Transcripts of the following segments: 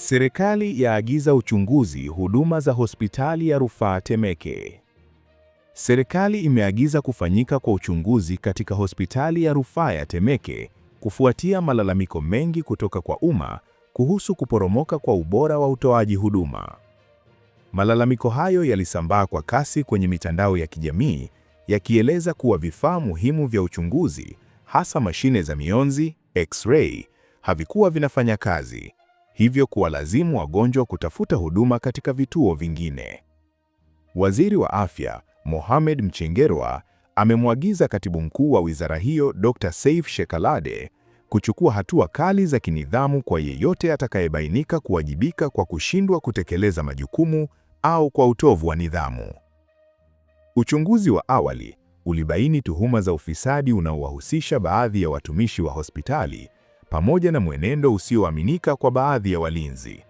Serikali yaagiza uchunguzi huduma za hospitali ya rufaa Temeke. Serikali imeagiza kufanyika kwa uchunguzi katika hospitali ya rufaa ya Temeke kufuatia malalamiko mengi kutoka kwa umma kuhusu kuporomoka kwa ubora wa utoaji huduma. Malalamiko hayo yalisambaa kwa kasi kwenye mitandao ya kijamii yakieleza kuwa vifaa muhimu vya uchunguzi, hasa mashine za mionzi, x-ray, havikuwa vinafanya kazi hivyo kuwalazimu wagonjwa kutafuta huduma katika vituo vingine. Waziri wa Afya Mohamed Mchengerwa amemwagiza Katibu Mkuu wa wizara hiyo Dr. saif Shekalade kuchukua hatua kali za kinidhamu kwa yeyote atakayebainika kuwajibika kwa kushindwa kutekeleza majukumu au kwa utovu wa nidhamu. Uchunguzi wa awali ulibaini tuhuma za ufisadi unaowahusisha baadhi ya watumishi wa hospitali pamoja na mwenendo usioaminika kwa baadhi ya walinzi.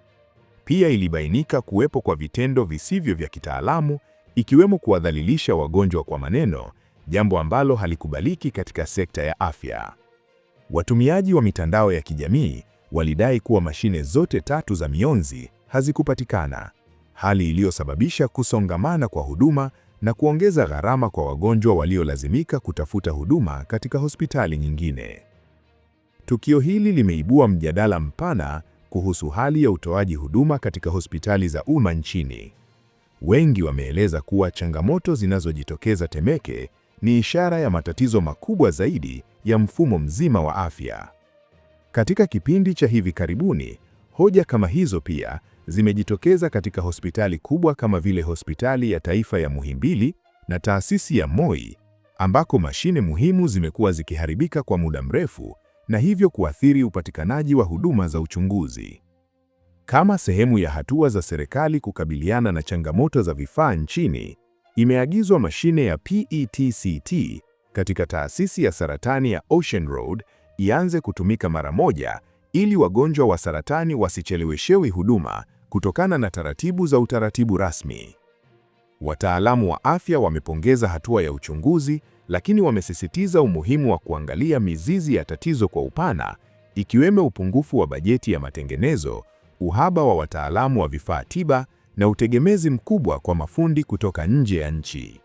Pia ilibainika kuwepo kwa vitendo visivyo vya kitaalamu, ikiwemo kuwadhalilisha wagonjwa kwa maneno, jambo ambalo halikubaliki katika sekta ya afya. Watumiaji wa mitandao ya kijamii walidai kuwa mashine zote tatu za mionzi hazikupatikana, hali iliyosababisha kusongamana kwa huduma na kuongeza gharama kwa wagonjwa waliolazimika kutafuta huduma katika hospitali nyingine. Tukio hili limeibua mjadala mpana kuhusu hali ya utoaji huduma katika hospitali za umma nchini. Wengi wameeleza kuwa changamoto zinazojitokeza Temeke ni ishara ya matatizo makubwa zaidi ya mfumo mzima wa afya. Katika kipindi cha hivi karibuni, hoja kama hizo pia zimejitokeza katika hospitali kubwa kama vile Hospitali ya Taifa ya Muhimbili na Taasisi ya Moi ambako mashine muhimu zimekuwa zikiharibika kwa muda mrefu na hivyo kuathiri upatikanaji wa huduma za uchunguzi. Kama sehemu ya hatua za serikali kukabiliana na changamoto za vifaa nchini, imeagizwa mashine ya PET-CT katika taasisi ya saratani ya Ocean Road ianze kutumika mara moja ili wagonjwa wa saratani wasicheleweshewi huduma kutokana na taratibu za utaratibu rasmi. Wataalamu wa afya wamepongeza hatua ya uchunguzi, lakini wamesisitiza umuhimu wa kuangalia mizizi ya tatizo kwa upana, ikiwemo upungufu wa bajeti ya matengenezo, uhaba wa wataalamu wa vifaa tiba na utegemezi mkubwa kwa mafundi kutoka nje ya nchi.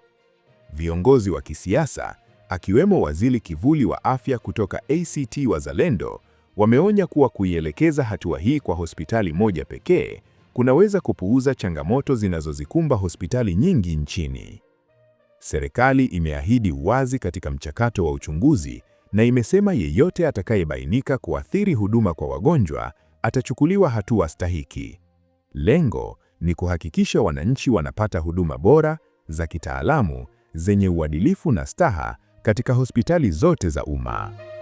Viongozi wa kisiasa, akiwemo Waziri Kivuli wa Afya kutoka ACT Wazalendo, wameonya kuwa kuielekeza hatua hii kwa hospitali moja pekee kunaweza kupuuza changamoto zinazozikumba hospitali nyingi nchini. Serikali imeahidi uwazi katika mchakato wa uchunguzi na imesema yeyote atakayebainika kuathiri huduma kwa wagonjwa atachukuliwa hatua stahiki. Lengo ni kuhakikisha wananchi wanapata huduma bora za kitaalamu zenye uadilifu na staha katika hospitali zote za umma.